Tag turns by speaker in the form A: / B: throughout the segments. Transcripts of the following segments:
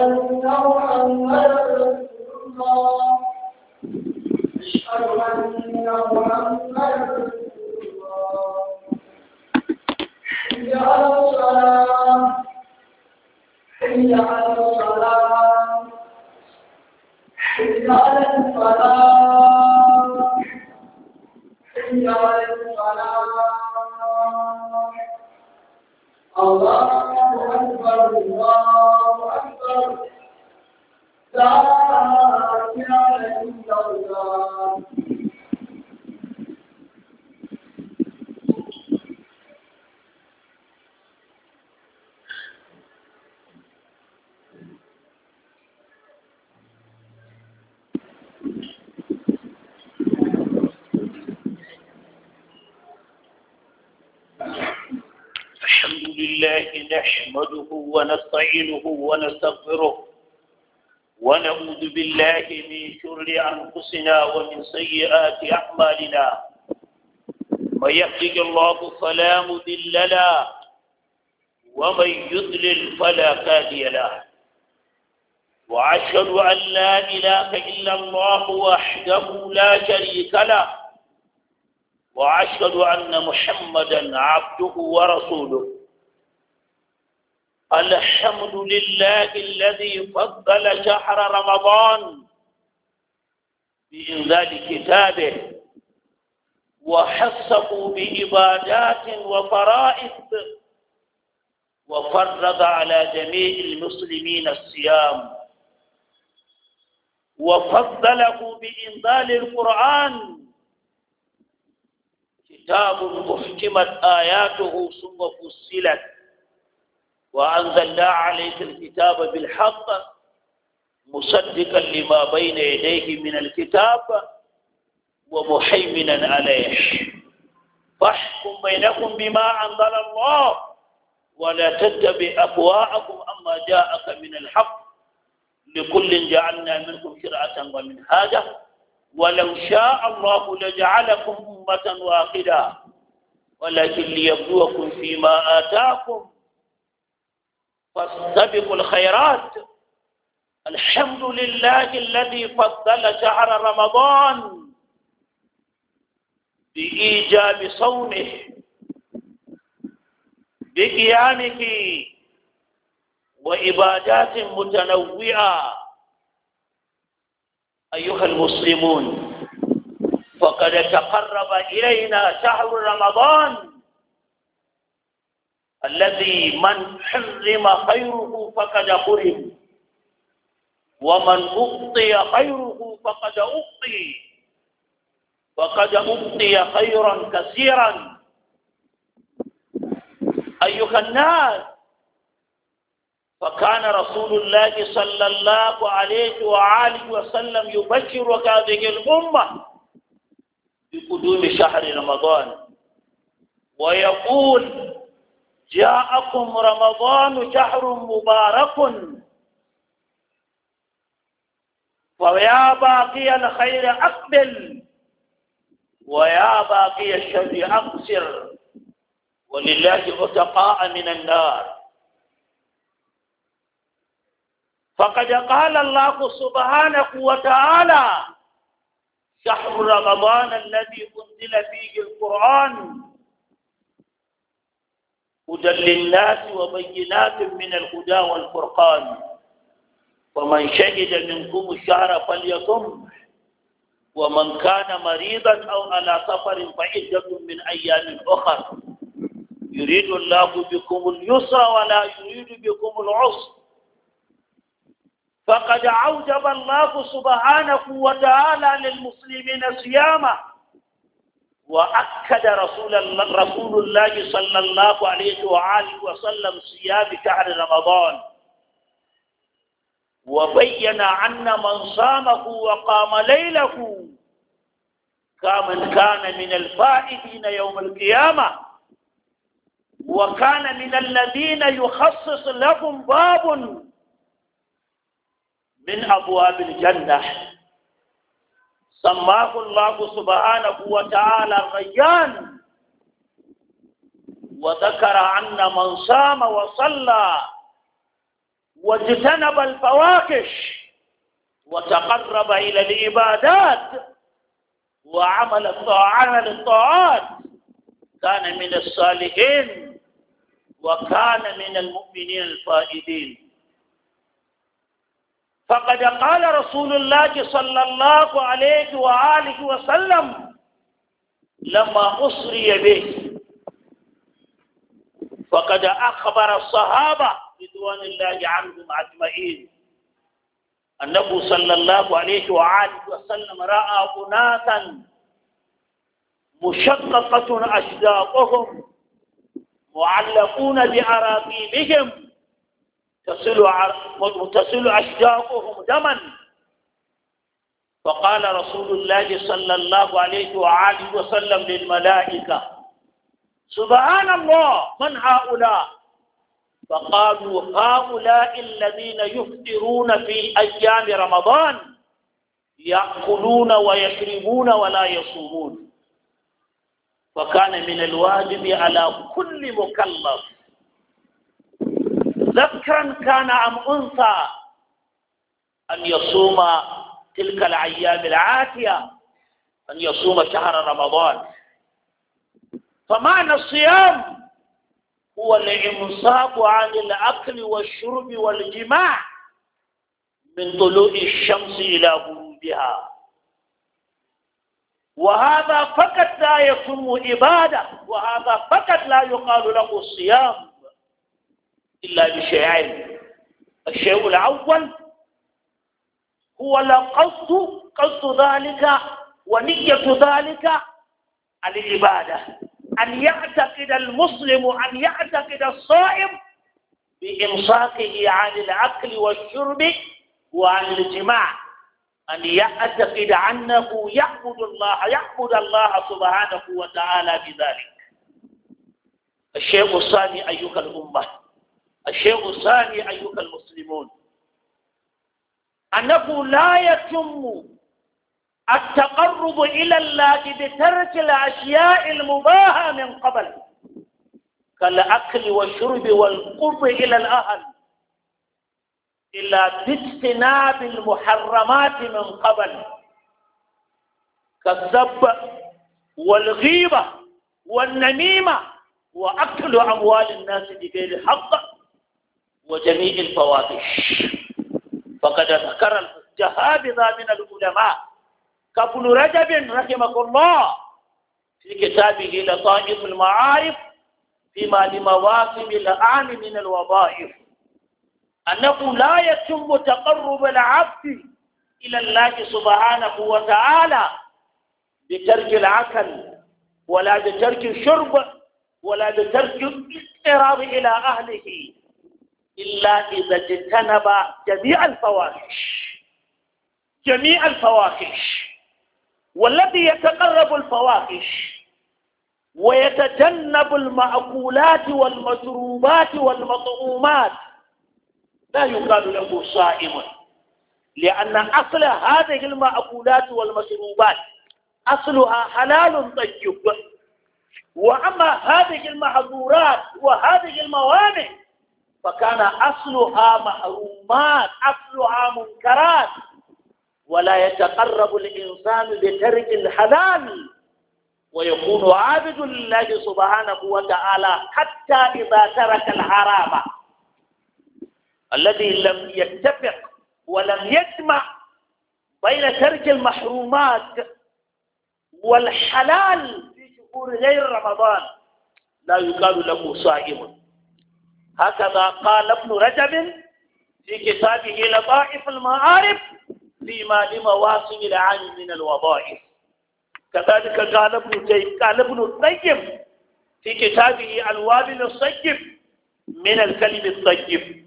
A: أنه محمد
B: أنفسنا ومن سيئات أعمالنا من يهدك الله فلا مضل له ومن يضلل فلا هادي له وأشهد أن لا إله إلا الله وحده لا شريك له وأشهد أن محمدا عبده ورسوله الحمد لله الذي فضل شهر رمضان بإنزال كتابه وحصه بعبادات وفرائض وفرض على جميع المسلمين الصيام وفضله بإنزال القرآن كتاب محكمت آياته ثم فصلت وأنزلنا عليك الكتاب بالحق مصدقا لما بين يديه من الكتاب ومحيمنا عليه فاحكم بينكم بما أنزل الله ولا تتبع أهواءكم أما جاءك من الحق لكل جعلنا منكم شرعة ومنهاجا ولو شاء الله لجعلكم أمة واحدة ولكن ليبلوكم فيما آتاكم فاستبقوا الخيرات الحمد لله الذي فضل شهر رمضان بإيجاب صومه بقيامه وإبادات متنوعة أيها المسلمون فقد تقرب إلينا شهر رمضان الذي من حرم خيره فقد حرم ومن أُعطي خيره فقد أُعطي فقد أُعطي خيرا كثيرا أيها الناس فكان رسول الله صلى الله عليه وآله وسلم يبشر هذه الأمة بقدوم شهر رمضان ويقول جاءكم رمضان شهر مبارك ويا باقي الخير أقبل ويا باقي الشر أقصر ولله أتقاء من النار فقد قال الله سبحانه وتعالى شهر رمضان الذي أنزل فيه القرآن هدى للناس وبينات من الهدى والفرقان ومن شهد منكم الشهر فليصم ومن كان مريضا أو على سفر فعدة من أيام أخر يريد الله بكم اليسر ولا يريد بكم العسر فقد أوجب الله سبحانه وتعالى للمسلمين صيامه وأكد رسول الله, رسول الله صلى الله عليه وآله وسلم صيام شهر رمضان وبين عنا من صامه وقام ليله كمن كان من الفائزين يوم القيامة وكان من الذين يخصص لهم باب من أبواب الجنة سماه الله سبحانه وتعالى الريان وذكر عنا من صام وصلى واجتنب الفواكش وتقرب إلى العبادات وعمل الطاعات للطاعات كان من الصالحين وكان من المؤمنين الفائدين فقد قال رسول الله صلى الله عليه وآله وسلم لما أسري به فقد أخبر الصحابة رضوان الله عنهم أجمعين النبي صلى الله عليه وآله وسلم رأى أناسا مشققة أشداقهم معلقون بأراضيهم تصل أشداقهم دما فقال رسول الله صلى الله عليه وآله وسلم للملائكة سبحان الله من هؤلاء فقالوا هؤلاء الذين يفطرون في أيام رمضان يأكلون ويشربون ولا يصومون وكان من الواجب على كل مكلف ذكرا كان أم أنثى أن يصوم تلك الأيام العاتية أن يصوم شهر رمضان فمعنى الصيام هو الإمساك عن الأكل والشرب والجماع من طلوع الشمس إلى غروبها وهذا فقط لا يتم عبادة وهذا فقط لا يقال له الصيام إلا بشيئين الشيء الأول هو القصد قصد ذلك ونية ذلك العبادة أن يعتقد المسلم أن يعتقد الصائم بإمساكه عن الأكل والشرب وعن الجماع أن يعتقد أنه يعبد الله يعبد الله سبحانه وتعالى بذلك الشيء الثاني أيها الأمة الشيء الثاني أيها المسلمون أنه لا يتم التقرب إلى الله بترك الأشياء المباهة من قبل كالأكل والشرب والقرب إلى الأهل إلا باجتناب المحرمات من قبل كالذب والغيبة والنميمة وأكل أموال الناس بغير حق وجميع الفواحش فقد ذكر الجهابذة من العلماء كابن رجب رحمه الله في كتابه لطائف المعارف فيما لمواسم العام من الوظائف أنه لا يتم تقرب العبد إلى الله سبحانه وتعالى بترك العقل ولا بترك الشرب ولا بترك الاقتراب إلى أهله إلا إذا اجتنب جميع الفواحش جميع الفواحش والذي يتقرب الفواحش ويتجنب المأكولات والمشروبات والمطعومات لا يقال له صائم لأن أصل هذه المأكولات والمشروبات أصلها حلال طيب وأما هذه المحظورات وهذه الموانع فكان أصلها محرومات أصلها منكرات ولا يتقرب الإنسان بترك الحلال ويكون عابد لله سبحانه وتعالى حتى إذا ترك الحرام الذي لم يتفق ولم يجمع بين ترك المحرومات والحلال في شهور غير رمضان لا يقال له صائم هكذا قال ابن رجب في كتابه لطائف المعارف لما لمواسم العام من الوظائف كذلك قال ابن قال ابن الطيب في كتابه الوابل الصيب من الكلم الطيب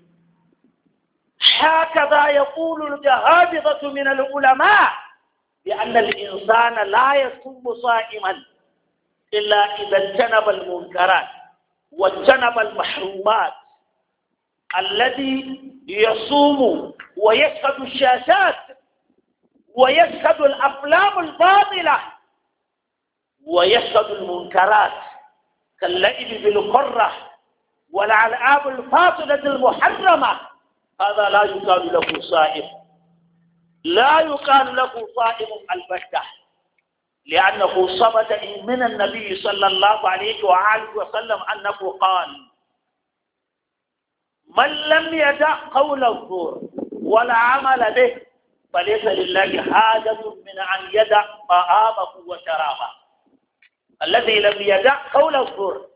B: هكذا يقول الجهابضة من العلماء بأن الإنسان لا يصوم صائما إلا إذا اجتنب المنكرات واجتنب المحرومات الذي يصوم ويشهد الشاشات ويشهد الأفلام الباطلة ويشهد المنكرات كاللئم بالقرة والعلآب الفاصلة المحرمة هذا لا يقال له صائم لا يقال له صائم البتة لأنه صمد من النبي صلى الله عليه وآله وسلم أنه قال من لم يدع قول الزور ولا عمل به فليس لله حاجة من أن يدع طعامه وشرابه الذي لم يدع قول الزور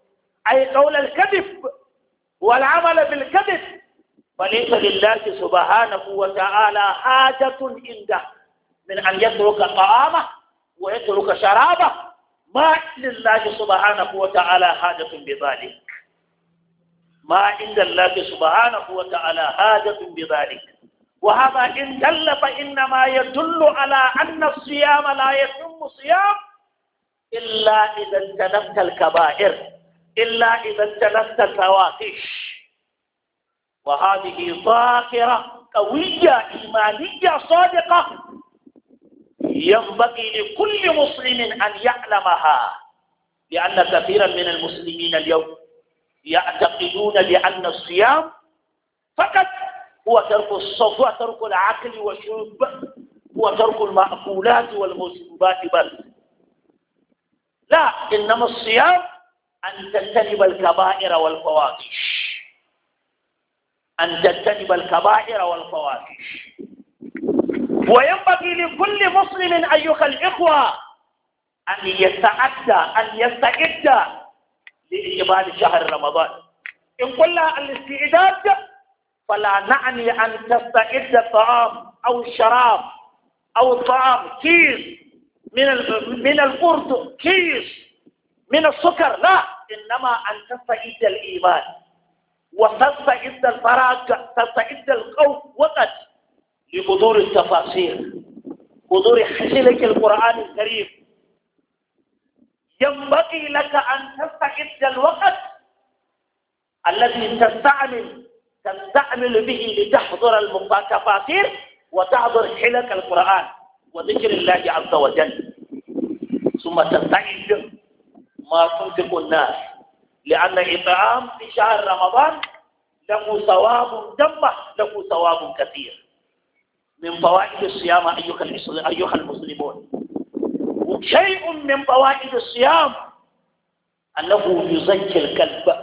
B: أي قول الكذب والعمل بالكذب فليس لله سبحانه وتعالى حاجة عنده من أن يترك طعامه ويترك شرابه ما لله سبحانه وتعالى حاجة بذلك ما عند الله سبحانه وتعالى حاجة بذلك وهذا إن دل فإنما يدل على أن الصيام لا يتم صيام إلا إذا اجتنبت الكبائر إلا إذا اجتنبت الفواحش وهذه ظاهرة قوية إيمانية صادقة ينبغي لكل مسلم أن يعلمها لأن كثيرا من المسلمين اليوم يعتقدون بأن الصيام فقط هو ترك الصوت هو ترك العقل والشرب هو ترك المأكولات والمشروبات بل لا إنما الصيام أن تجتنب الكبائر والفواحش أن تجتنب الكبائر والفواحش وينبغي لكل مسلم أيها الإخوة أن يستعد أن يستعد لإقبال شهر رمضان إن قلنا الاستعداد فلا نعني أن تستعد الطعام أو الشراب أو الطعام كيس من من البرد كيس من السكر لا إنما أن تستعد الإيمان وتستعد الفراغ تستعد الخوف وقت لحضور التفاصيل حضور حسنك القرآن الكريم ينبغي لك أن تستعد الوقت الذي تستعمل تستعمل به لتحضر التفاسير وتحضر حلك القرآن وذكر الله عز وجل ثم تستعين ما تنفق الناس لأن إطعام في شهر رمضان له ثواب جمة له ثواب كثير من فوائد الصيام أيها أيها المسلمون وشيء من فوائد الصيام أنه يزكي القلب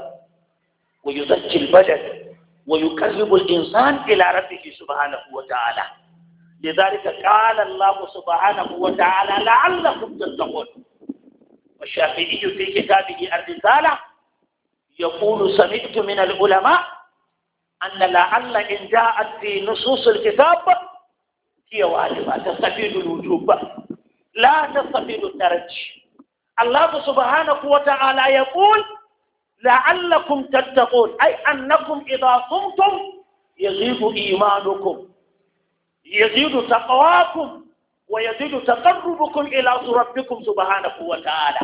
B: ويزكي البدن ويكذب الإنسان إلى ربه سبحانه وتعالى لذلك قال الله سبحانه وتعالى لعلكم تتقون والشافعي في كتابه الرسالة يقول سمعت من العلماء أن لعل إن جاءت في نصوص الكتاب هي واجبة تستفيد الوجوب لا تستفيد الدرج الله سبحانه وتعالى يقول لعلكم تتقون أي أنكم إذا صمتم يزيد إيمانكم يزيد تقواكم ويزيد تقربكم إلى ربكم سبحانه وتعالى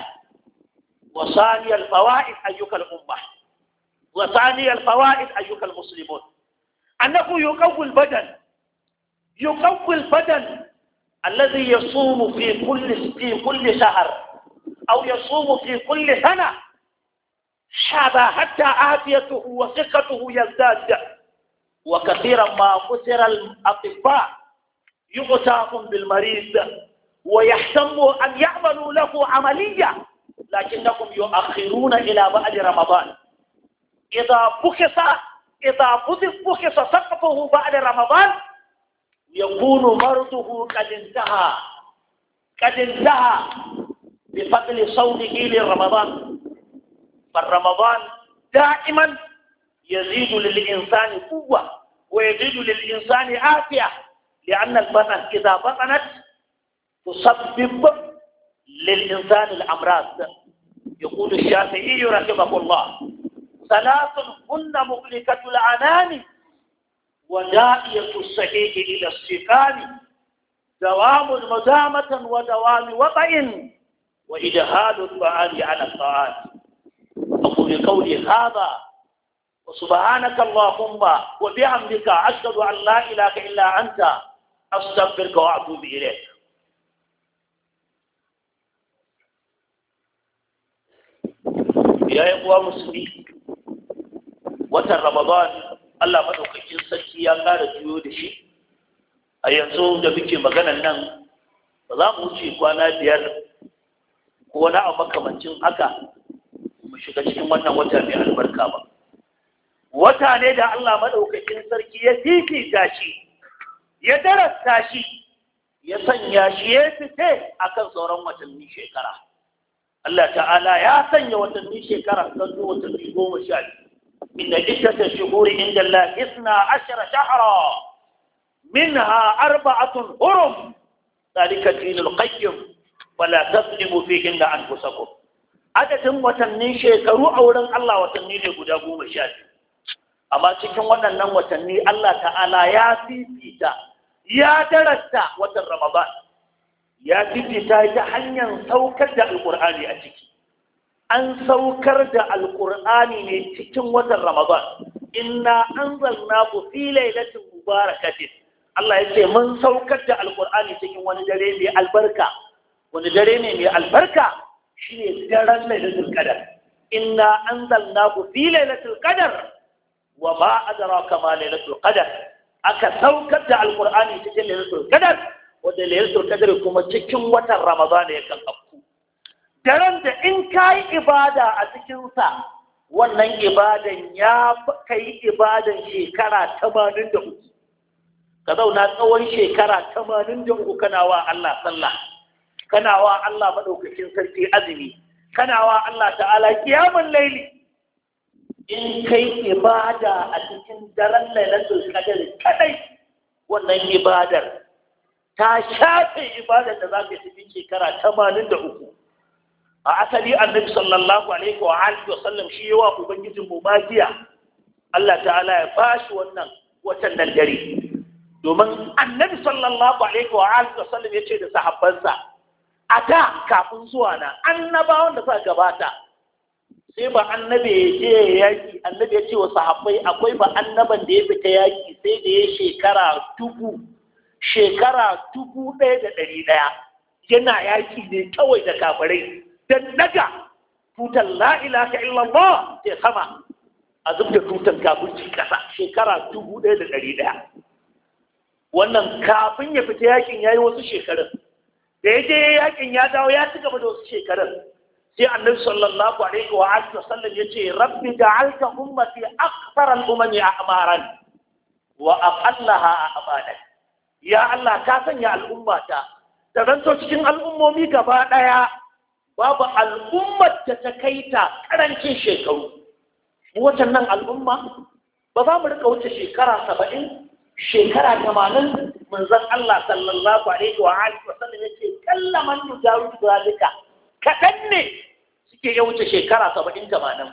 B: وثاني الفوائد أيها الأمة وثاني الفوائد أيها المسلمون أنه يقوي البدن يقوي البدن الذي يصوم في كل في كل شهر أو يصوم في كل سنة شاب حتى عافيته وثقته يزداد وكثيرا ما خسر الأطباء يغتاف بالمريض ويحتم أن يعملوا له عملية لكنهم يؤخرون إلى بعد رمضان إذا بخص إذا بخص سقطه بعد رمضان يكون مرضه قد انتهى قد انتهى بفضل صومه لرمضان فالرمضان دائما يزيد للإنسان قوة ويزيد للإنسان عافية لأن البطن إذا بطنت تسبب للإنسان الأمراض يقول الشافعي رحمه الله ثلاث هن مهلكة العنان وداعية الصحيح إلى السكان دوام مدامة ودوام وطئ وإجهاد الطعام على الطعام بقولي هذا وسبحانك اللهم وبحمدك أشهد أن لا إله إلا أنت أستغفرك وأتوب إليك ya yi kuwa watan ramadan allah madaukakin sarki ya kara juyo da shi a yanzu da muke maganan nan ba za mu wuce kwana biyar ko wani abu makamancin haka shiga cikin wannan wata mai albarka ba wata ne da Allah maɗaukakin sarki ya fifita shi ya darasta shi
A: ya sanya shi ya
B: a akan sauran watanni shekara Allah ta'ala ya sanya watanni shekara kan zuwa watanni goma sha biyu inda iddata shuhuri inda Allah isna ashara shahara منها أربعة هرم ذلك الدين القيم ولا تظلموا فيهن أنفسكم adadin watanni shekaru a wurin Allah watanni ne guda goma sha biyu amma cikin waɗannan watanni Allah ta'ala ya fifita ya darasta watan Ramadan ya fifita ta hanyar saukar da alƙur'ani a ciki an saukar da alƙur'ani ne cikin watan Ramadan inna ku fi lailatin mubarakatin Allah ya ce mun saukar da alƙur'ani cikin wani dare mai albarka wani dare ne mai albarka shi ne daren lailatul qadar inna anzalnahu fi lailatul qadar wa ma adraka ma lailatul qadar aka saukar da alqur'ani cikin lailatul qadar wanda lailatul qadar kuma cikin watan ramadan ya kan afku daren da in kai ibada a cikin sa wannan ibadan ya kai ibadan shekara 83 ka zauna tsawon shekara 83 kana wa Allah sallah kana wa Allah madaukakin sarki azumi kana wa Allah ta'ala kiyamun laili in kai ibada a cikin daren lailatul qadr kadai wannan ibadar ta shafe ibadar da zaka yi cikin shekara 83 a asali annabi sallallahu alaihi wa alihi wa sallam shi yawa ubangijin mu magiya Allah ta'ala ya bashi wannan watan nan dare domin annabi sallallahu alaihi wa alihi wa sallam yace da sahabbansa a da kafin zuwa na annabawan da suka gabata sai ba annabi ya je ya yaki annabi ya ce wa sahabbai akwai ba annaban da ya fita yaki sai da ya shekara dubu shekara dubu ɗaya da ɗari ɗaya yana yaki ne kawai da kafirai don daga tutar la'ila ka illallah ke sama a zubta tutar kafirci ƙasa shekara dubu ɗaya da ɗari ɗaya wannan kafin ya fita yakin ya yi wasu shekarun da ya je yakin ya dawo ya ci gaba da wasu shekarun sai annabi sallallahu alaihi wa alihi wa sallam yace rabbi ja'alta ummati akthar al-umami a'maran wa aqallaha a'madan ya Allah ka sanya al'ummata da zanto cikin al'ummomi gaba daya babu al'ummar da ta kai ta karancin shekaru watannan al'umma ba za mu rika wuce shekara saba'in shekara tamanin manzon Allah sallallahu alaihi wa alihi wa sallam yace kallaman yujaru zalika kadan ne suke ya wuce shekara 70 80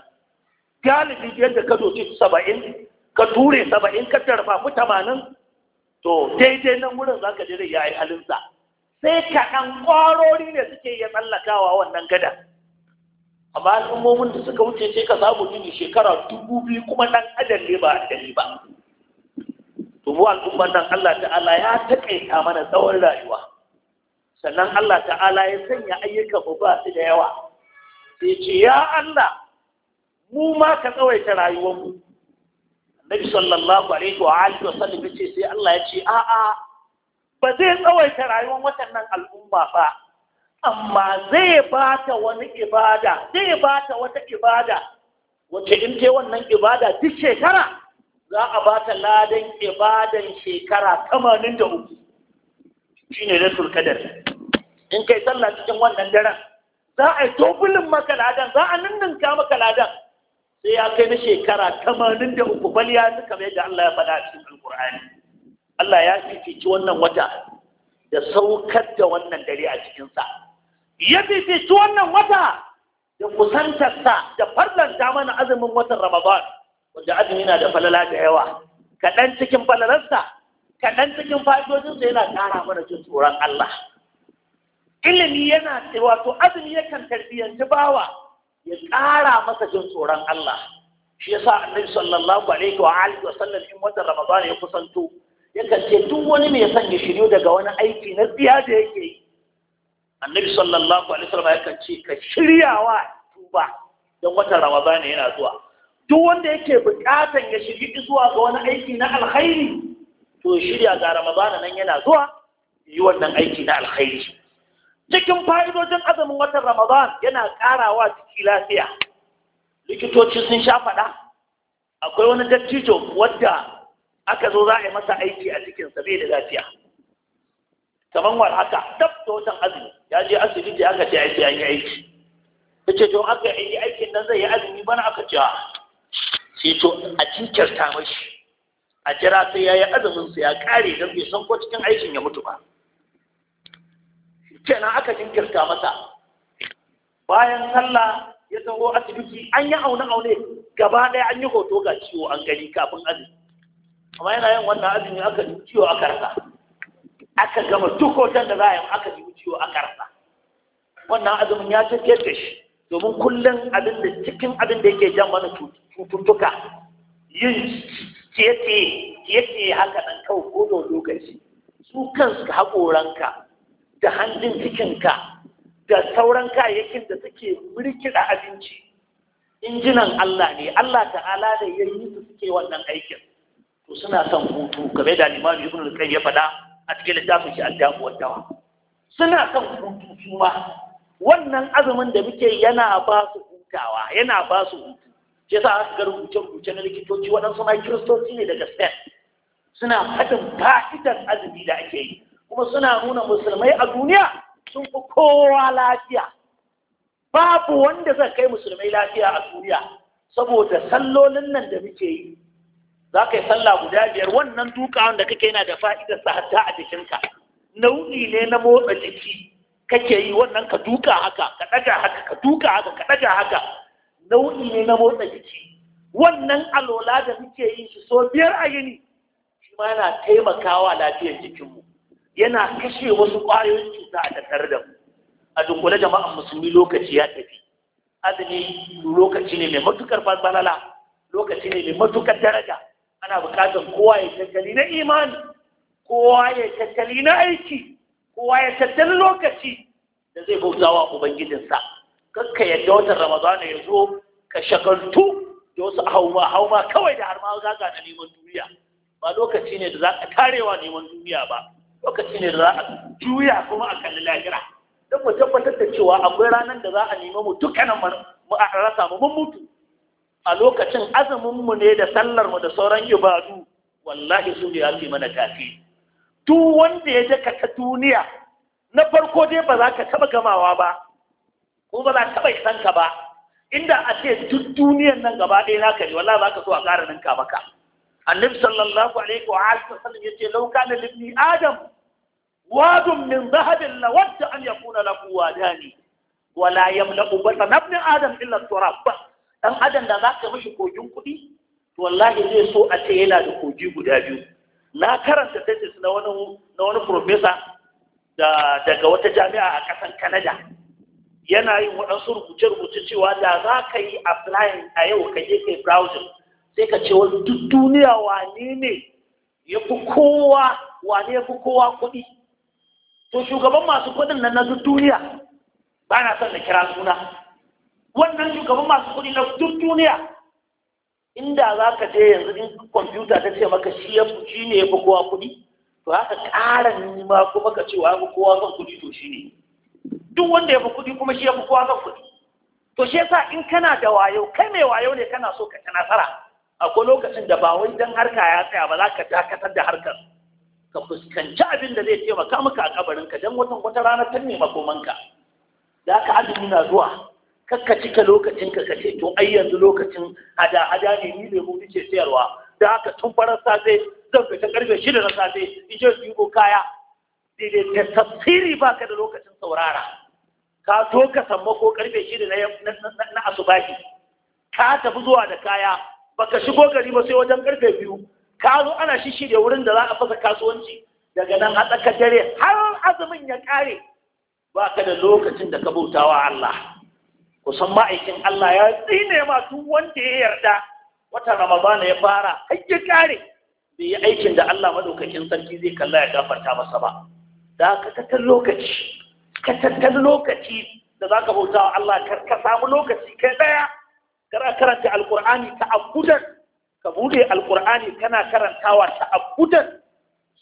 B: galibi yadda ka doke 70 ka ture 70 ka tarfa mu 80 to daidai nan wurin zaka je rai yayi halinsa sai kaɗan kwarori ne suke iya tsallakawa wannan gada amma al'ummomin da suka wuce sai ka samu gini shekara dubu biyu kuma ɗan adam ne ba a ba tubu al'umman nan Allah ta'ala ya taƙaita mana tsawon rayuwa sannan Allah ta'ala ya sanya ayyukan mu ba su da yawa sai ce ya Allah mu ma ka tsawaita rayuwar mu Nabi sallallahu alaihi wa alihi wa sallam ce sai Allah ya ce a'a ba zai tsawaita rayuwar watannan al'umma ba amma zai bata wani ibada zai bata wata ibada wacce in ce wannan ibada duk shekara za a ba ta ladan ibadan shekara tamanin da uku shi ne na turkadar in kai sallah cikin wannan daren za a yi tobulin maka ladan za a ninninka maka ladan sai ya kai na shekara tamanin da uku bal ya nuka mai da Allah ya faɗa a cikin alkur'ani Allah ya fifici wannan wata da saukar da wannan dare a cikinsa ya fifici wannan wata da kusantarsa da farlanta mana azumin watan ramadan wanda azumi na da falala da yawa kaɗan cikin falalarsa kaɗan cikin fa'idojinsa yana ƙara mana jin tsoron Allah ilimi yana wato azumi yakan tarbiyyanci bawa ya ƙara masa jin tsoron Allah shi yasa annabi sallallahu alaihi wa alihi wa sallam in watan ramadan ya kusanto yakan ce duk wani mai son ya shiryo daga wani aiki na tsiya da yake yi annabi sallallahu alaihi wa sallam yakan ce ka shiryawa tuba don wata ramadan yana zuwa duk wanda yake buƙatan ya shirya zuwa ga wani aiki na alkhairi to shirya ga ramadana nan yana zuwa yi wannan aiki na alkhairi cikin fa'idojin azumin watan ramadan yana ƙarawa ciki lafiya likitoci sun sha faɗa akwai wani dattijo wadda aka zo za a yi masa aiki a cikin sa bai da lafiya kamar war haka tab da watan azumi ya je asibiti aka ce aiki an yi aiki ta ce to aka yi aikin nan zai yi azumi bana aka ce sai to a jinkirta mashi a jira sai ya yi azuminsa ya kare don bai san ko cikin aikin ya mutu ba kenan aka jinkirta masa bayan sallah ya zango asibiti an yi aune-aune gaba ɗaya an yi hoto ga ciwo an gani kafin azumi amma yana yin wannan azumi aka ji ciwo aka rasa aka gama duk hoton da za a yi aka ji ciwo aka rasa wannan azumin ya tafiyar da shi domin kullum abin cikin abin da yake jan mana cututtuka yin ciye-ciye haka nan kawai ko da lokaci su kansu haƙoranka da hannun cikinka da sauran kayayyakin da suke murkiɗa abinci injinan Allah ne Allah ta'ala da ya yi su suke wannan aikin to suna son hutu game da limami ibn al ya faɗa a cikin littafin shi al-damu dawa suna son hutu su ma wannan azumin da muke yana ba su hutawa yana ba su hutu shi sa aka ga rubuce-rubuce na likitoci waɗansu ma kiristoci ne daga spain suna hadin fa'idar azumi da ake yi kuma suna nuna musulmai a duniya sun fi kowa lafiya babu wanda zai kai musulmai lafiya a duniya saboda sallolin nan da muke yi za ka yi sallah guda biyar wannan dukawan da kake yana da fa'idar sa hatta a jikinka nau'i ne na motsa jiki kake yi wannan ka duka haka ka daga haka ka duka haka ka daga haka nau'i ne na motsa jiki wannan alola da muke yi shi so biyar a yini shi ma yana taimakawa lafiyar jikinmu yana kashe wasu ƙwayoyin cuta a tattar da mu a dunkule jama'an musulmi lokaci ya tafi azumi lokaci ne mai matukar falala lokaci ne mai matukar daraja ana bukatar kowa ya tattali na imani kowa ya tattali na aiki kowa ya tattali lokaci da zai bautawa ubangijinsa kakka yadda watan ramadana ya zo ka shakaltu da wasu hauma hauma kawai da har ma ka na neman duniya ba lokaci ne da za ka tarewa neman duniya ba lokaci ne da za a juya kuma a kalli lahira don mu tabbatar da cewa akwai ranar da za a nemi mu dukkanin mu a rasa mu mun mutu a lokacin azumin mu ne da sallar mu da sauran ibadu wallahi su ne fi mana tafi duk wanda ya daka ta duniya na farko dai ba za ka taba gamawa ba ko ba za ka taba isan ka ba inda a ce duk duniyan nan gaba ɗaya naka ne wallahi ba ka so a ƙara ninka maka annabi sallallahu alaihi wa alihi wasallam yace law kana libni adam wadun min dhahabin lawadda an yakuna lahu wadani wala yamla'u batn ibn adam illa turab dan adam da za ka mishi kogin kuɗi to wallahi zai so a ce yana da kogi guda biyu na karanta thesis na wani na wani professor da daga wata jami'a a ƙasar Canada yana yin waɗansu rubuce-rubuce cewa da za ka yi applying a yau ka je kai browsing sai ka ce wani duk duniya wane ne ya fi kowa wane ya fi kowa kuɗi to shugaban masu kuɗin nan na duk duniya ba na son na kira suna wannan shugaban masu kuɗi na duk duniya inda za ka je yanzu in kwamfuta ta ce maka shi ya shi ne ya fi kowa kuɗi to haka ƙara nima kuma ka ce wa ya fi kowa kan kuɗi to shi ne duk wanda ya fi kuɗi kuma shi ya fi kowa kan kuɗi to shi yasa in kana da wayo kai mai wayo ne kana so ka ci nasara akwai lokacin da ba wai dan harka ya tsaya ba za ka dakatar da harkar ka fuskanci abin da zai taimaka maka a kabarinka don watan wata rana ta nema komanka da aka azumi na zuwa kakka cika lokacin ka kace to ai yanzu lokacin hada hada ne ni lemu ce sayarwa da haka tun farar safe zan fita karfe shida na safe in je yi kaya sai ta tafsiri baka da lokacin saurara ka zo ka samma ko karfe shida na asubahi ka tafi zuwa da kaya baka shigo gari ba sai wajen karfe biyu ka zo ana shishirya wurin da za a fasa kasuwanci daga nan a tsakar dare har azumin ya kare baka da lokacin da ka bautawa Allah kusan ma'aikin Allah ya tsine ma duk wanda ya yarda wata ramadana ya fara har ya kare bai yi aikin da Allah madaukakin sarki zai kalla ya gafarta masa ba da ka tattar lokaci ka tattar lokaci da zaka bauta wa Allah kar ka samu lokaci kai daya kar ka karanta alqur'ani ta'abbudan ka bude alqur'ani kana karantawa ta'abbudan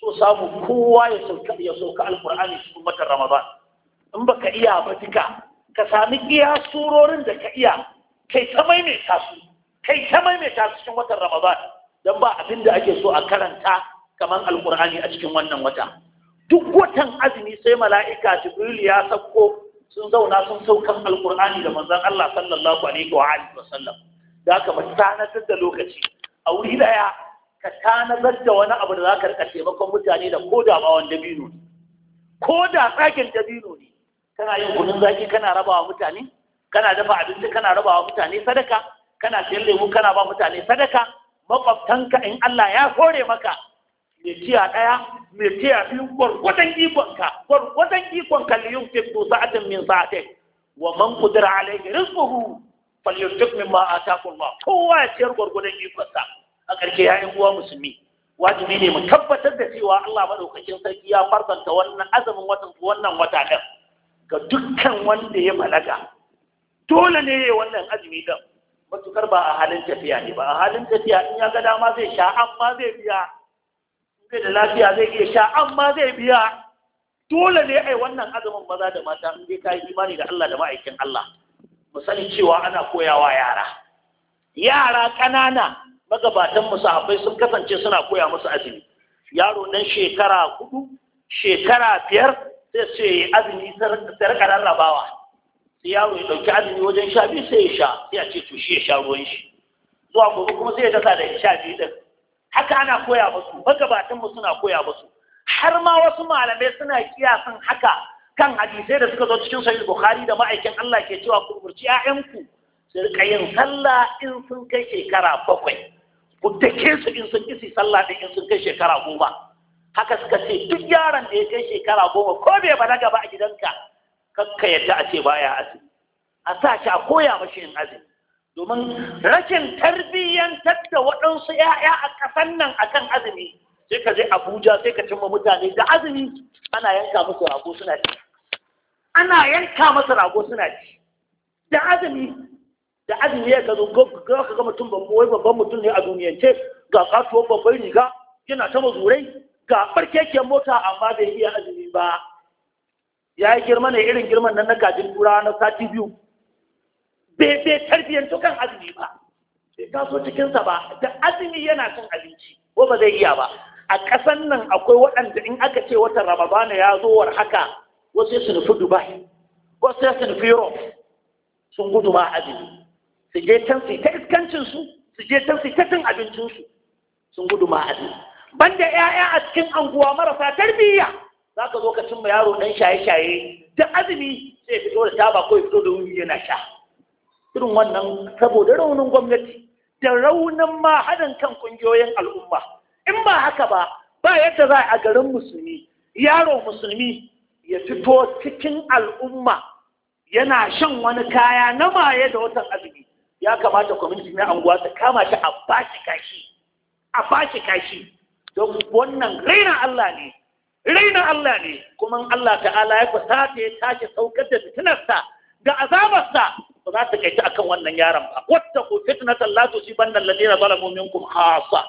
B: so samu kowa ya sauka ya sauka alqur'ani cikin watan ramadan in baka iya ba dika ka sami iya surorin da ka iya kai ta mai su kai ta maimaita su cikin watan ramadan don ba abin da ake so a karanta kamar alkur'ani a cikin wannan wata duk watan azumi sai mala'ika jibril ya sauko sun zauna sun saukan alkur'ani da manzon Allah sallallahu alaihi wa alihi sallam da ka tanadar da lokaci a wuri daya ka tanadar da wani abu da zaka rika taimakon mutane da ko da ba wanda dabino ne ko da tsakin dabino ne kana yin kunun zaki kana rabawa mutane kana dafa abinci kana rabawa mutane sadaka kana siyan lemu kana ba mutane sadaka makwabtanka in Allah ya kore maka Me tiya ɗaya me tiya biyu gwargwadon ikonka gwargwadon ikonka liyun fito sa'atin min sa'atin wa man kudura alaihi rizquhu falyunfiq mimma ataahu Allah kowa ya ciyar gwargwadon ikonsa a ƙarshe ya uwa musulmi wajibi ne mu tabbatar da cewa Allah madaukakin sarki ya farzanta wannan azumin watan wannan wata ɗin ga dukkan wanda ya balaga dole ne ya wannan azumi din matukar ba a halin tafiya ne ba a halin tafiya in ya ga dama zai sha amma zai biya zai da lafiya zai iya sha amma zai biya dole ne ai wannan azumin maza da mata in dai kai imani da Allah da ma'aikin Allah mu cewa ana koyawa yara yara ƙanana magabatan mu sahabbai sun kasance suna koya musu azumi yaro nan shekara hudu shekara biyar sai ce azumi sai raka rarrabawa sai yaro ya ɗauki azumi wajen sha biyu sai ya sha sai ce to shi ya sha ruwan shi zuwa gobe kuma sai ya dasa da sha biyu ɗin haka ana koya musu magabatan mu suna koya musu har ma wasu malamai suna kiyasan haka kan hadisai da suka zo cikin sahih bukhari da ma'aikin Allah ke cewa ku burci ƴaƴanku su rika yin sallah in sun kai shekara bakwai ku take su in sun kisi sallah din in sun kai shekara goma haka suka ce duk yaron da ya kai shekara goma ko bai balaga ba a gidanka kakka yadda a ce baya azumi a sa shi a koya mashi yin azumi domin rashin tarbiyyantar da waɗansu 'ya'ya a ƙasan nan akan azumi sai ka je abuja sai ka cimma mutane da azumi ana yanka musu rago suna ci ana yanka masa rago suna ci da azumi da azumi ya ka ga mutum babban mutum ne a duniyance ga kasuwar babban riga yana sama zurai? ga barkeke mota amma bai iya azumi ba ya yi girma ne irin girman nan na gajin kura na sati biyu bai bai tarbiyyantu kan azumi ba bai taso cikinsa ba da azumi yana cin abinci ko ba zai iya ba a ƙasan nan akwai waɗanda in aka ce wata ramadana ya zo war haka wasu su nufi dubai wasu su nufi europe sun gudu ma azumi su je can su ta iskancinsu su su je can su ta cin abincinsu sun gudu ma azumi banda 'ya'ya a cikin anguwa marasa tarbiyya za ka zo ka cimma yaro ɗan shaye-shaye da azumi sai fito da taba ko fito da wuri yana sha irin wannan saboda raunin gwamnati da raunin ma haɗin kan ƙungiyoyin al'umma in ba haka ba ba yadda za a garin musulmi yaro musulmi ya fito cikin al'umma yana shan wani kaya na maye da watan azumi ya kamata kwamiti na anguwa ta kama ta a bashi kashi a bashi kashi don wannan raina Allah ne raina Allah ne kuma Allah ta'ala ya kusa ta ya tashi saukar da fitinarsa da azabarsa ba za ta kaita akan wannan yaron ba wata ku ban nan tusibanna bala zalamu kuma hasa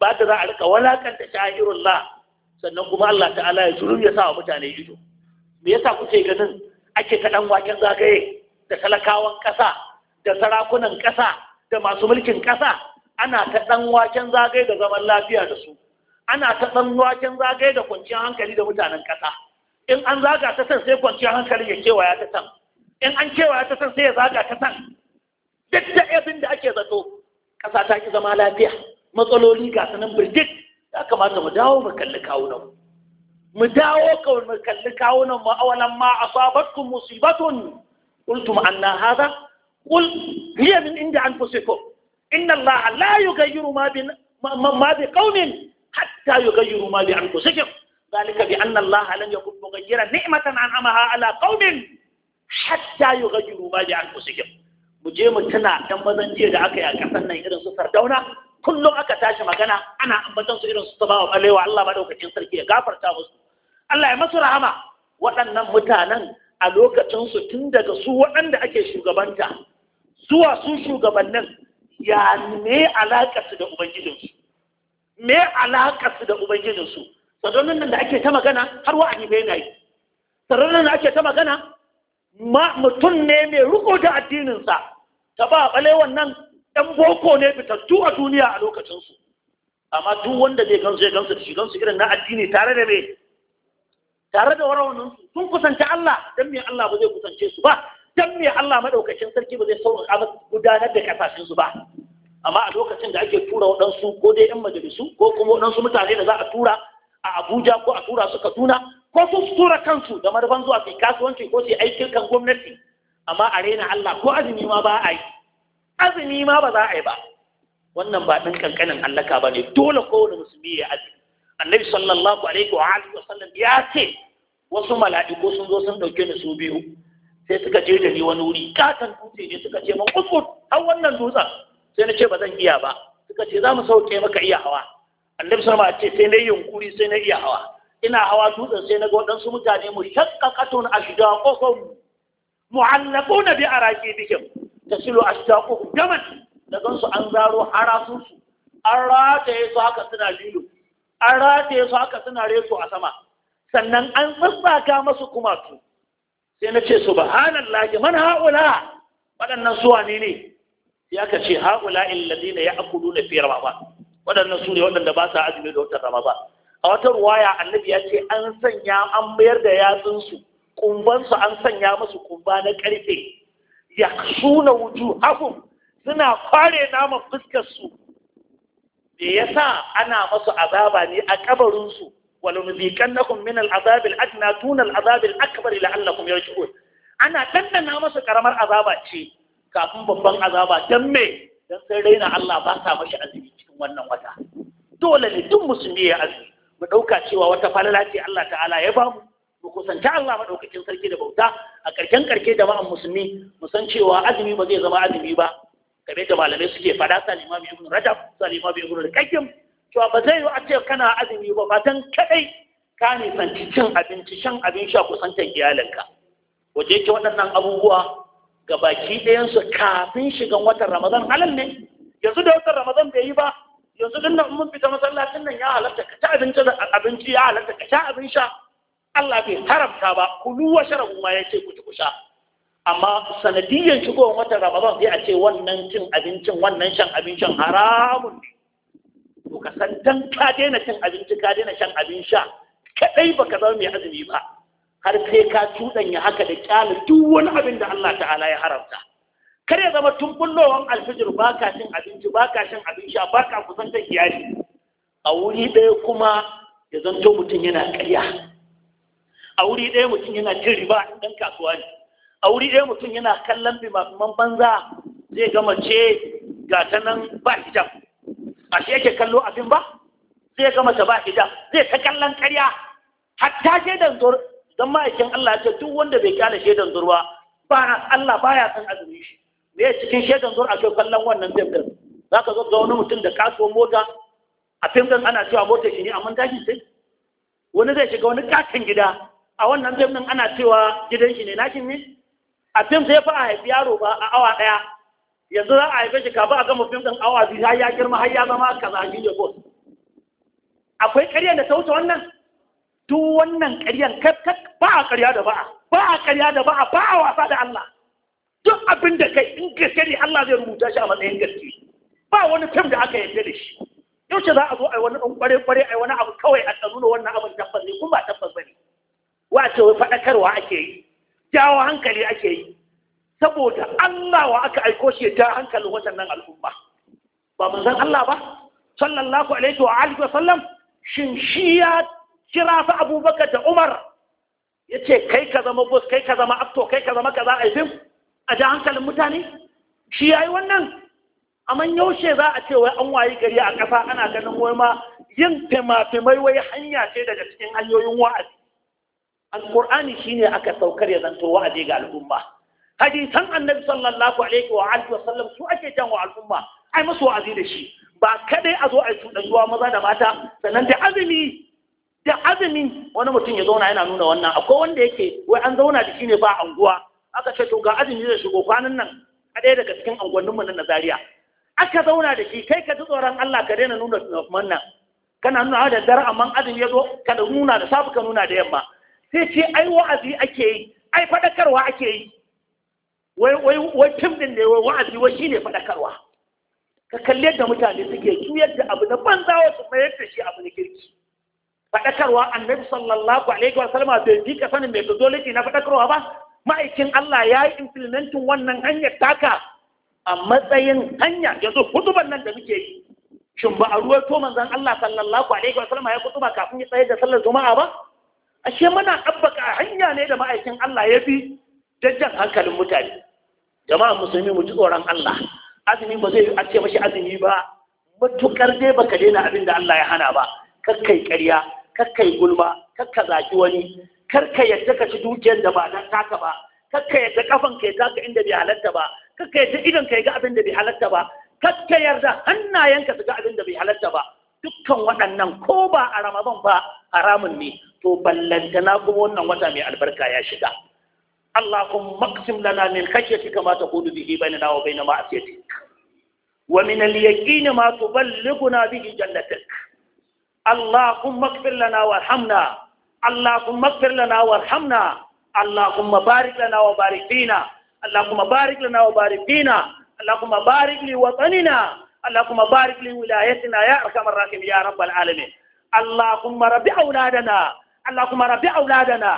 B: ba ta za a rika walakanta la. sannan kuma Allah ta'ala ya juru ya sa wa mutane ido me yasa kuke ganin ake ta ɗan waken zagaye da talakawan ƙasa da sarakunan ƙasa da masu mulkin ƙasa ana ta ɗan waken zagaye da zaman lafiya da su ana ta ɗan waken zagaye da kwanciyar hankali da mutanen ƙasa in an zaga ta san sai kwanciyar hankali ya kewaya ta san in an kewaya ta san sai ya zaga ta san duk da abin da ake zato ƙasa ta ki zama lafiya matsaloli ga sanin birjit ya kamata mu dawo mu kalli kawunan mu dawo kawun mu kalli kawunan mu awalan ma a asabatkum musibatun qultum anna hadha qul hiya min inda anfusikum inna allaha la yughayyiru ma ma bi qaumin hatta yughayyiru ma bi anfusihim ذلك بأن الله لم يكن مغيرا نعمة أنعمها على قوم حتى يغيروا ما بأنفسهم muje mu tuna dan mazan jiya da aka yi a ƙasar nan irin su sardauna kullum aka tashi magana ana ambatan su irin su tabawa balewa Allah madaukakin sarki ya gafarta musu Allah ya masu rahama waɗannan mutanen a lokacin su tun daga su waɗanda ake shugabanta zuwa su shugabannin ya ne alaƙa su da ubangijinsu me alaƙa su da ubangijinsu sararin nan da ake ta magana har wa'adi bai na yi sararin nan da ake ta magana mutum ne mai riko da addininsa ta ba ɓalewan nan ɗan boko ne fitattu a duniya a lokacinsu amma duk wanda zai gansu ya gansu da shi gansu irin na addini tare da mai tare da warawanin sun kusanci Allah don me Allah ba zai kusance su ba don me Allah madaukakin sarki ba zai saurin gudanar da kasashen su ba amma a lokacin da ake tura waɗansu ko dai 'yan majalisu ko kuma waɗansu mutane da za a tura a abuja ko a tura su kaduna ko su tura kansu da marban zuwa su kasuwanci ko su aikin kan gwamnati amma a raina allah ko azumi ma ba a yi azumi ma ba za a yi ba wannan ba ɗin ƙanƙanin allaka ba ne dole kowane musulmi ya azumi annabi sallallahu alaihi wa alihi wa sallam ya ce wasu mala'iku sun zo sun dauke ni su biyu sai suka je da ni wani wuri katon dutse ne suka ce man kuskus har wannan dutsen sai na ce ba zan iya ba suka ce za mu sauke maka iya hawa annabi ma ce sai na yunkuri sai na iya hawa ina hawa dutsen sai na ga waɗansu mutane mu shakkakatun a mu'allaquna bi araqibihim tasilu ashdaquhum daman da gansu an zaro harasunsu. an rataye su haka suna lilo an rataye su haka suna reso a sama sannan an tsatsaka masu kumatu sai na ce subhanallahi man haula waɗannan suwane ne sai aka ce na illazina ya'kuluna fi ramadan wadannan sune wadanda ba sa azumi da watan ba. a wata ruwaya annabi ya ce an sanya an mayar da yatsunsu kumbansu an sanya musu kumba na karfe wuju wujuhahum suna kware naman fuskar su me yasa ana masu azaba ne a kabarinsu su na nuziqannakum min al-azab adna tun al-azab al-akbar la'allakum ana dandana masu karamar azaba ce kafin babban azaba dan me dan sai raina Allah ba sa mashi azumi cikin wannan wata dole ne duk musulmi ya azumi mu ɗauka cewa wata falala ce Allah ta'ala ya bamu mu kusanci Allah maɗaukakin sarki da bauta a ƙarshen ƙarshe jama'an musulmi mu san cewa azumi ba zai zama azumi ba kamar da malamai suke fada salima bi ibn rajab salima bi ibn al cewa ba zai yi a ce kana azumi ba fatan kaɗai. ka nisanci cin abinci shan abin sha kusantar iyalinka waje yake waɗannan abubuwa ga baki ɗayansu kafin shigan watan ramadan halal ne yanzu da watan ramadan bai yi ba yanzu din nan mun fita masallacin nan ya halatta ka ci abinci da abinci ya halatta ka ta abin sha Allah bai haramta ba kulu wa sharabu ma yace ku ci ku sha amma sanadiyyan shigowar watan ramadan sai a ce wannan cin abincin wannan shan abincin haramun ne to ka san dan ka daina cin abinci ka daina shan abin sha kadai baka zama mai azumi ba har sai ka cuɗanya haka da ƙyale duk wani abin da Allah ta'ala ya haramta kar ya zama tun bullowan alfijir ba ka cin abinci ba ka cin abin sha ba ka kusantar iyali a wuri ɗaya kuma ya zanto mutum yana ƙarya a wuri ɗaya mutum yana cin riba ɗan kasuwa ne a wuri ɗaya mutum yana kallon bimaman banza zai gama ce ga ta nan ba hijab a shi yake kallo abin ba zai gama ta ba hijab zai ta kallon ƙarya hatta je da dan ma'aikin Allah ya ce duk wanda bai kyale shaidan zurwa ba Allah baya san azumin shi me ya cikin shaidan zuwa akwai kallon wannan fim din za ka zo ga wani mutum da kasuwar mota a fim ana cewa mota shi ne amma daji sai wani zai shiga wani katon gida a wannan fim ana cewa gidan shi ne nakin ne a fim sai fa a haifi yaro ba a awa daya yanzu za a haife shi kafa a gama fim awa biyu har ya girma har ya zama kaza shi ne akwai ƙarya da ta wuce wannan duk wannan ƙaryan ba a ƙarya da ba'a ba a ƙarya da ba'a ba a wasa da Allah duk abin da kai in gaske ne Allah zai rubuta shi a matsayin gaske ba wani fim da aka yarda da shi yau ce za a zo a yi wani ɗan kware-kware a yi wani abu kawai a tsanuna wannan abin tabbas ne kuma ba tabbas ba ne wa ce wai faɗakarwa ake yi jawo hankali ake yi saboda Allah wa aka aiko shi ya ja hankalin waɗannan al'umma ba manzon Allah ba sallallahu alaihi wa alihi wa sallam shin shi ya kira abubakar da umar ya ce kai ka zama bus kai ka zama afto kai ka zama kaza a fim a ja hankalin mutane shi ya yi wannan A yaushe za a ce wai an wayi gari a ƙasa ana ganin wai ma yin fimafimai wai hanya ce daga cikin hanyoyin wa'azi alƙur'ani shine aka saukar ya zanto wa'azi ga al'umma hadisan annabi sallallahu alaihi wa alihi wa sallam su ake jan wa al'umma ai musu wa'azi da shi ba kadai a zo a yi cuɗanyuwa maza da mata sannan da azumi da azumi wani mutum ya zauna yana nuna wannan akwai wanda yake wai an zauna da shi ne ba anguwa aka ce to ga azumi zai shigo kwanan nan a ɗaya daga cikin anguwanninmu na Nazariya aka zauna da shi kai ka ji tsoron Allah ka daina nuna tunafuman nan kana nuna da dare amma azumi ya zo ka nuna da safe ka nuna da yamma sai ce ai wa'azi ake yi ai fadakarwa ake yi wai wai wai tim din ne wai wa'azi wai shine fadakarwa. ka kalle da mutane suke juyar da abu da banza su mayar da shi abu na kirki faɗakarwa annabi sallallahu alaihi wa sallama bai fi ka sanin laifi na faɗakarwa ba ma'aikin Allah ya yi implementin wannan hanyar taka a matsayin hanya zo kutuban nan da muke yi shin ba a ruwa to manzon Allah sallallahu alaihi wa sallama ya kutuba kafin ya tsaye da sallar juma'a ba ashe muna abbaka hanya ne da ma'aikin Allah ya bi jajjan hankalin mutane jama'a musulmi mu ji tsoron Allah azumi ba zai a ce mashi azumi ba matukar dai baka daina abin da Allah ya hana ba kakkai ƙarya kakkai gulma kakka zaki wani karka yadda ka ci dukiyar da ba na taka ba kakka yadda kafan ka taka inda bai halatta ba kakka yadda idan ka ga abin da bai halatta ba kakka yarda hannayen su ga abin da bai halatta ba dukkan waɗannan ko ba a ramadan ba haramun ne to ballanta na kuma wannan wata mai albarka ya shiga lana اللهم اقسم لنا من خشيتك ما تقول na بيننا wa min al اليقين ma tuballighuna bihi جنتك اللهم اغفر لنا وارحمنا اللهم اغفر لنا وارحمنا اللهم بارك لنا وبارك فينا اللهم بارك لنا وبارك فينا اللهم بارك لوطننا اللهم بارك لولايتنا يا ارحم الراحمين يا رب العالمين اللهم رب اولادنا اللهم رب اولادنا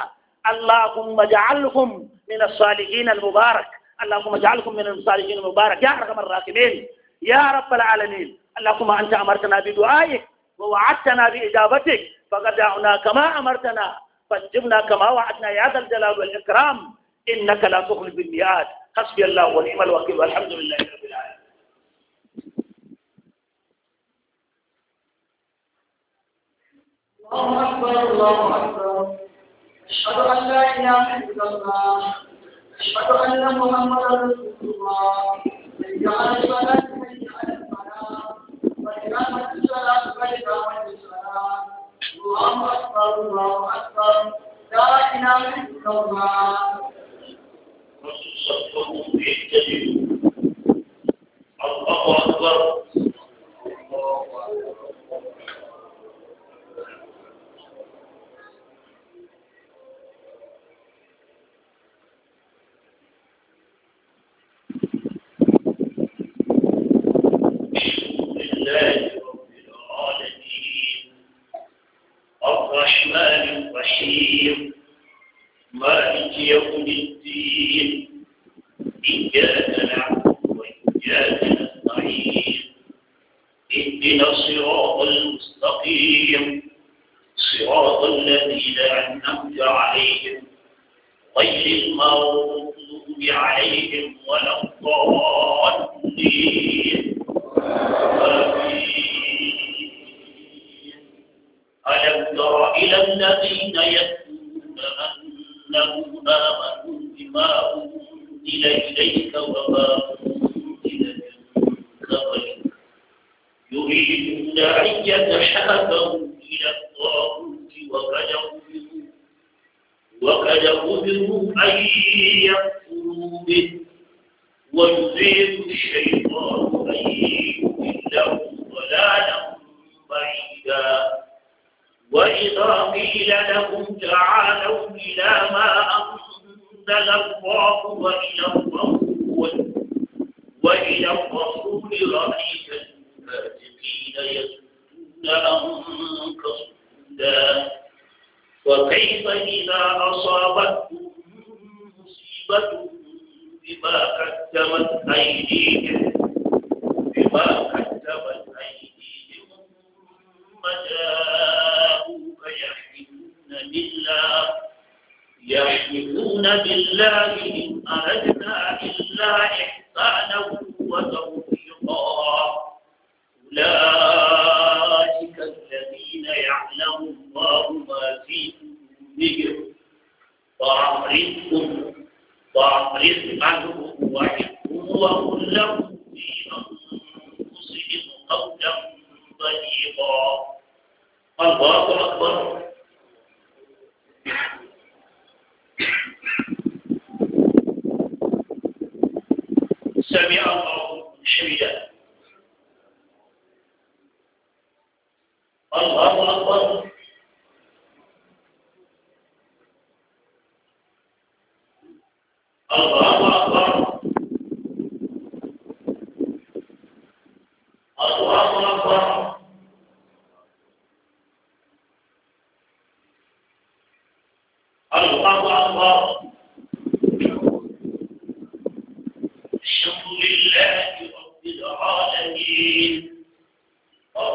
B: اللهم اجعلهم من الصالحين المبارك اللهم اجعلهم من الصالحين المبارك يا ارحم الراحمين يا رب العالمين اللهم انت امرتنا بدعائك ووعدتنا بإجابتك فغدعنا كما أمرتنا فانجبنا كما وعدنا يا ذا الجلال والإكرام إنك لا تخلف الميعاد حسبي الله ونعم الوكيل والحمد لله
A: رب العالمين الله أكبر الله أكبر أشهد أن لا إله إلا الله أشهد أن محمدا رسول الله حي على الصلاة الله أكبر لا إله إلا الله
B: أنزل الله وإلى الرسول
A: وإلى الرسول رحيم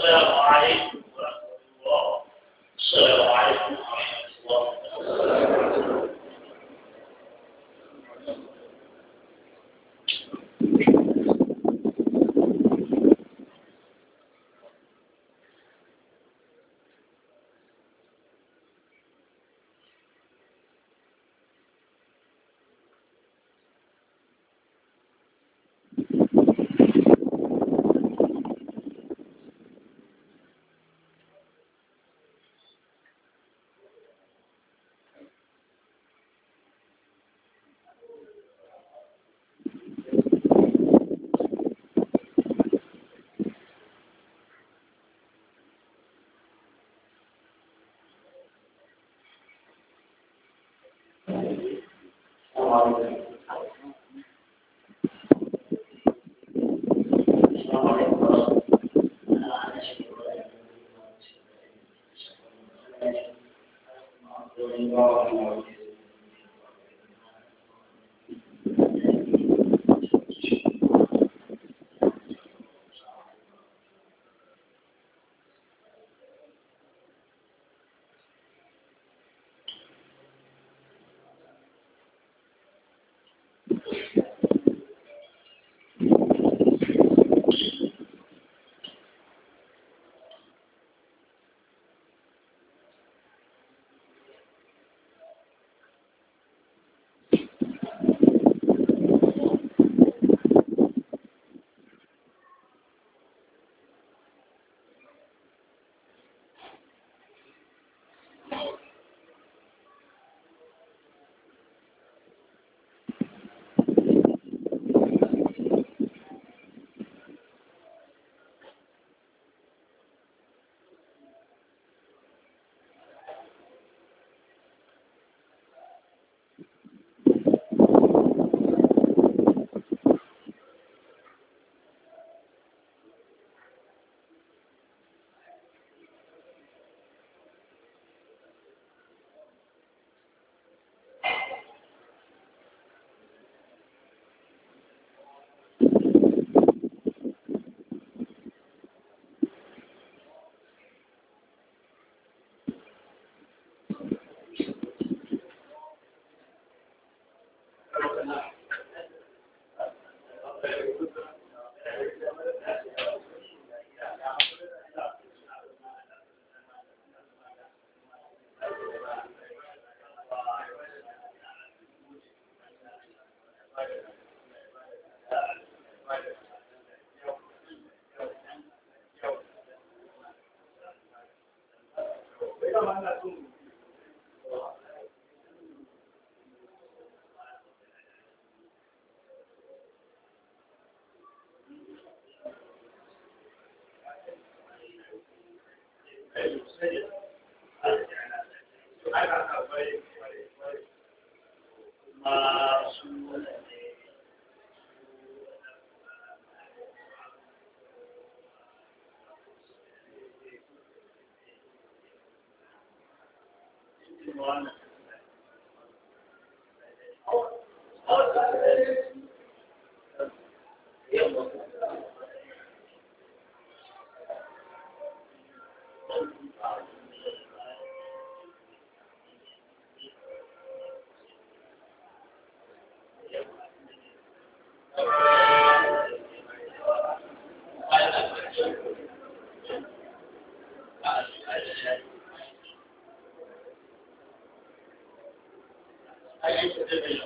A: 对。Morgen. say it. el,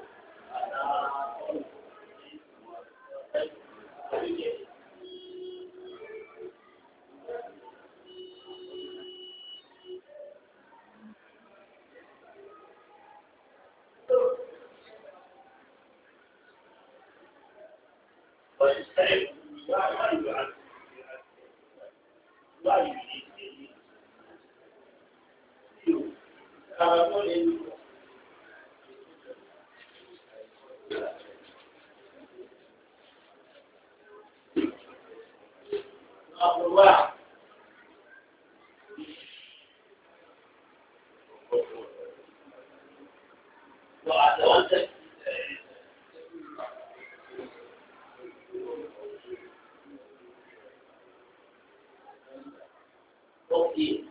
A: But it's saying, why, why do you ask okay